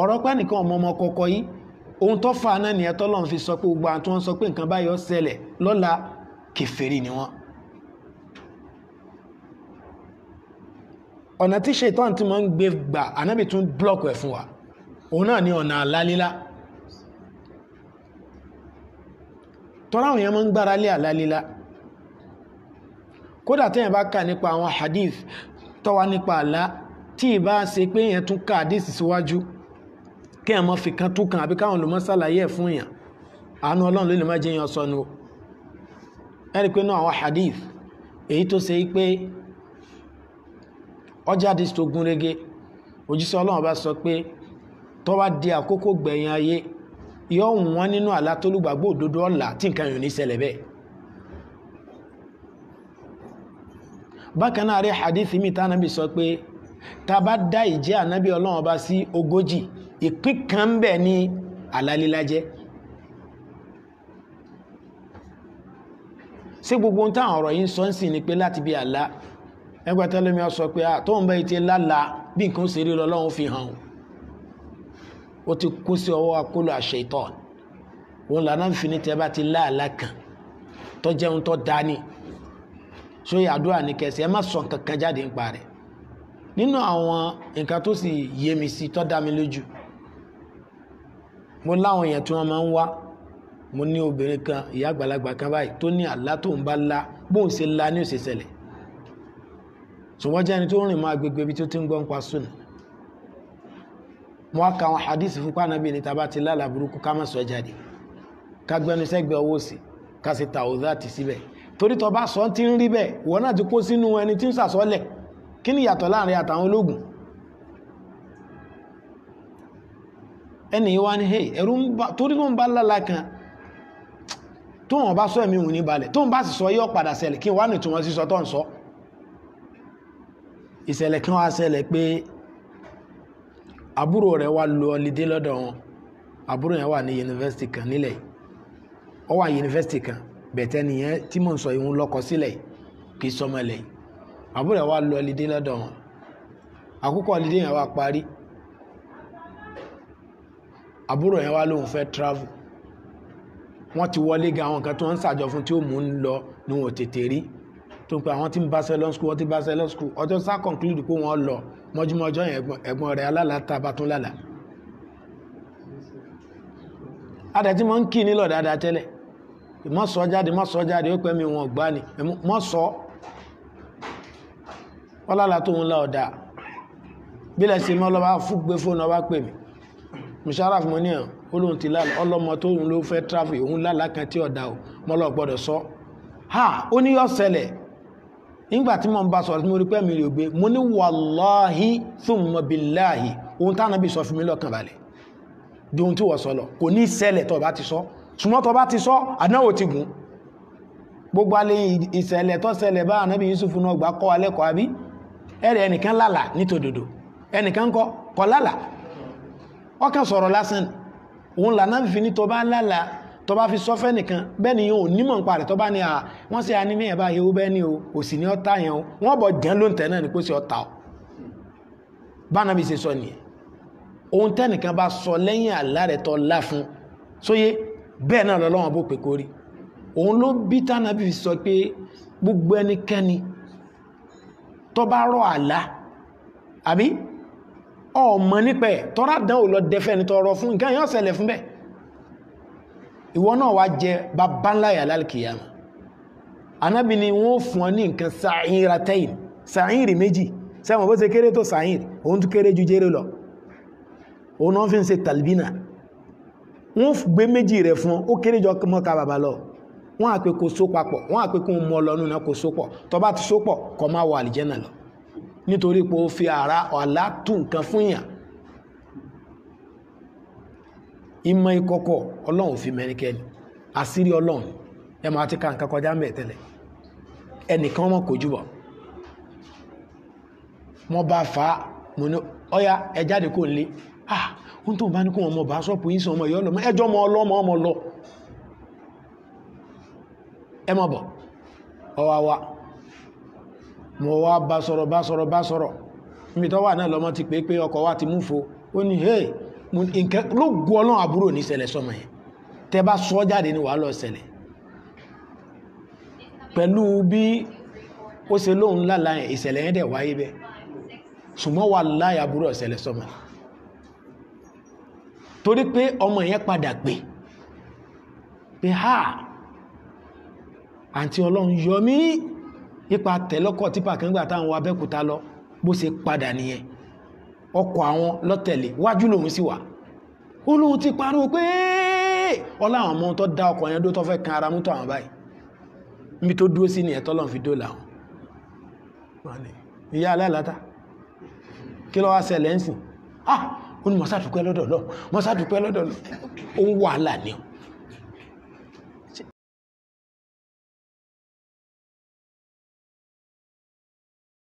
ọ̀rọ̀ pẹ́ nìkan ọmọ ọmọ kọ̀ọ̀kọ̀ yín ohun tó fa náà nìyẹn tọ́lọ́run fi sọ pé gbogbo àwọn tí wọ́n sọ pé nǹkan báyọ̀ ṣẹlẹ̀ lọ́la kèfèrí ni wọ́n. ọ̀nà tí ṣètọ́n tí wọ́n ń gbé gbà ànábì tún blọ́ọ̀kù ẹ̀ fún wa òun náà ni ọ̀nà àlálílá tọ́ra àwọn èèyàn máa ń gbára lé àlálílá kódà téèyàn bá kà nípa àwọn hadith tó nípa àlá tí ì bá ṣe pé èèyàn tún ka hadith síwájú si kí ẹ̀ mọ́ fi kan tú kan àbí káwọn olùmọ̀ sàlàyé ẹ̀ fún èèyàn àánú ọlọ́run ló lè má jẹ́ èèyàn sọnù ẹ̀rí pé náà àwọn hadith èyí tó ṣe pé ọjà dis tó gún régé òjíṣẹ́ ọlọ́run bá sọ pé tó bá di àkókò gbẹ̀yìn ayé yóò wọ́n nínú àlá tó lùgbàgbọ́ òdodo ọ̀la tí nǹkan yòó ní ṣẹlẹ̀ bẹ́ẹ̀ bákan náà rí hadith mi tá ànábì sọ pé tá a bá dá ìjẹ́ ànábì ọlọ́run bá sí ogójì ìpín kan ń bẹ ní àlálílájẹ́ sí gbogbo ohun táwọn ọ̀rọ̀ yìí sọ ń sìn ni pé láti bí àlá ẹgbẹ́ta lómi ọ sọ pé à tóun bá ti lálàá bí nǹkan ṣe rí lọ lọ́hún fi hàn ó ti kó sí ọwọ́ akóló àṣẹ ìtọ́ òun lànà fi ní tẹ́ bá ti láàlá kan tó jẹun tó dání sóyè àdúrà ní kẹsì ẹ má sọ kankan jáde ń parẹ́ nínú àwọn nǹkan tó sì yé mi sí tó dá mi lójú mo láwọn èèyàn tí wọ́n máa ń wá mo ní obìnrin kan ìyá àgbàlagbà kan báyìí tó ní àlá tó ń bá la bóun ṣe la ní òṣè ṣẹlẹ̀ ṣùgbọ́n jẹ́ ẹni tó rìn mọ́ agbègbè ibi tó ti ń gbọ́ ń pa sùn mo wá ka àwọn hadith fún pàànàbí ní tàbá ti lálàá burúkú ká má sọ jáde ká gbẹnu sẹ́gbẹ̀ẹ́ owó sí ká sì ta òdá ti síbẹ̀ torí tó sọ ti ń rí bẹ́ẹ̀ wọ́n náà ti kó sínú ẹni tí ń sàsọ́lẹ̀ kí ni ìyàtọ̀ láàrin àtàwọn ológun ẹni wá ní hey ẹ̀rù ń bá torí ló ń bá lálá kan tó wọn bá sọ ẹ̀mí òun ní balẹ̀ tó ń bá sì sọ yóò padà ṣẹlẹ̀ kí n wá ní ìtumọ̀ sísọ tó ń sọ ìṣẹ̀lẹ̀ kan wá ṣẹlẹ̀ pé àbúrò rẹ̀ wá lọ ọlídé lọ́dọ̀ wọn àbúrò yẹn wà ní yunifásitì kan nílẹ̀ ó wà yunifásitì kan bẹ̀tẹ̀ nìyẹn tí mò ń sọ ìhun lọ́kọ sílẹ̀ kì í sọmọ àbúrò yẹn wá lọ ọlídé lọ́dọ̀ wọn àkókò ọlídé yẹn wá parí àbúrò yẹn wá lóun fẹ́ travel wọ́n ti wọlé ga àwọn nǹkan tó ń ṣàjọ fún tí ó mú ń lọ ni wọn ò tètè rí tó ń pe àwọn tí ń Barcelona school wọ́n ti Barcelona school ọjọ́ sá conclude pé wọ́n lọ mọ́júmọ́jọ́ yẹn ẹ̀gbọ́n rẹ̀ alálàáta bá tún lálàá adàtí mọ́ ń kí nílò dáadáa tẹ́lẹ̀ mọ́ sọ jáde mọ́ sọ jáde ó pẹ́ mi wọn gbá ni mọ́ sọ wọ́n lálàá tó ń la ọ̀dà bí lẹ́sìn mọ́ lọ́ba fún gbé fóònù ọba pè mí musharaf mo ní hàn ó lóun ti lálẹ́ ọlọ́mọ tó òun ló fẹ́ tráfì òun lálàá kan tí ọ̀dà o mọ́lọ́ gbọ́dọ̀ sọ ha ó ní yóò ṣẹlẹ̀ nígbà tí mo ń bá sọ̀rọ̀ tí mo rí pé mi lè gbé mo ní wàláhí thumma billahi ohun táwọn bí sọ fún mi lọ́kàn balẹ̀ di ohun tí wọ́n sọ lọ kò ní ṣẹlẹ̀ tó bá ti sọ ṣùgbọ́n tó bá ti sọ àdánwò ti gùn gbogbo alẹ́ ìṣẹ̀lẹ̀ tó ṣẹlẹ̀ bá ànábì Yusuf náà gbà kọ́ alẹ́kọ̀ọ́ àbí ẹ̀rẹ̀ ẹnìkan lálà nítòdodo ẹnìkan kọ́ kọ́ lálà ọkàn sọ̀rọ̀ lásán òun lànà fi ní tọba lálàá tọba fi sọfẹ́ nìkan bẹ́ẹ̀ ni yóò nímọ̀ nípa rẹ̀ tọba ni à wọ́n sì anímí ẹ̀ bá yẹwò bẹ́ẹ̀ ni o òsì ni ọ̀tá yẹn o wọ́n bọ̀ jẹ́ ló ń tẹ̀ náà ni kó sì ọ̀tá o báná bí ṣe sọ nìyẹn ohun tẹ́nìkan bá sọ lẹ́yìn àlá rẹ̀ tọ́ lá fún sóyé bẹ́ẹ̀ náà lọ́lọ́wọ́n bó pè kórí òun ló bí tánà bí fi sọ pé gbogbo ẹnikẹ́ni tó rọ àlá àbí ọmọ nípẹ̀ tọ́rádán ò lọ dẹfẹ́ ní tọrọ fún nǹkan yọ́ ṣẹlẹ̀ fún bẹ́ ìwọ náà wá jẹ babaláyà lálkìyàmà anábì ni wọ́n fún ọ ní nǹkan sàáyìnra tẹ́yìn sàáyìnrì méjì sẹ́wọ̀n bó ṣe kéré tó sàáyìnrì òun tó kéré ju jéré lọ òun náà fi ń ṣe talbina wọ́n gbé méjì rẹ̀ fún ó kéré jọ mọ́ka bàbá lọ wọ́n àpè kò só papọ̀ wọ́n àpè kò mọ́ lọ́nù náà kò só pọ̀ ti só pọ̀ nítorí pé ó fi ara ọ̀lá tú nǹkan fún yàn ìmọ̀ ìkọ̀kọ̀ ọlọ́run fi mẹ́nikẹ́ni àṣírí ọlọ́run ẹ máa ti ka nǹkan kọjá ń bẹ̀ tẹ́lẹ̀ ẹnìkan mọ̀ kò jùbọ̀ wọ́n bá fa mo ní ọya ẹ jáde kó lé ah ohun tó bá ní kó wọn mọ̀ bá sọ́ọ̀pù yín sí ọmọ ìyọ́ lọ́mọ ẹjọ́ mọ ọlọ́mọ ọmọ lọ ẹ mọ̀ bọ̀ ọwá wa mo wá bá sọ̀rọ̀ bá sọ̀rọ̀ bá sọ̀rọ̀ níbi tó wà náà lọ́mọ ti pé pé ọkọ̀ wa ti mú fo ó ní hey nǹkan ló gu ọlọ́run àbúrò ní ṣẹlẹ̀ sọmọ yẹn tẹ bá sọ jáde ni wàá lọ ṣẹlẹ̀ pẹ̀lú bí ó ṣe lóun lálá yẹn ìṣẹ̀lẹ̀ yẹn dẹ̀ wáyé bẹ́ẹ̀ ṣùgbọ́n wà láyà àbúrò ṣẹlẹ̀ sọmọ yẹn torí pé ọmọ yẹn padà pé pé ha àǹtí ọlọ́run yọ mí nípa tẹ̀lọ́kọ̀ típà kan gbà táwọn wa Abẹ́òkúta lọ bó ṣe padà nìyẹn ọkọ̀ àwọn lọ́tẹ̀lé wájú lòun sì wà ó lóun ti parú pé ọlá àwọn ọmọ tó dá ọkọ̀ yẹn dó tó fẹ́ kan ara mú tó àwọn báyìí níbi tó dúró sí nìyẹn tọ́lọ́n fi dóòlà wọn ìyá aláìláta kí ló wá ń sìn ah ó ní lọ́dọ̀ lọ mọ̀sá lọ́dọ̀ lọ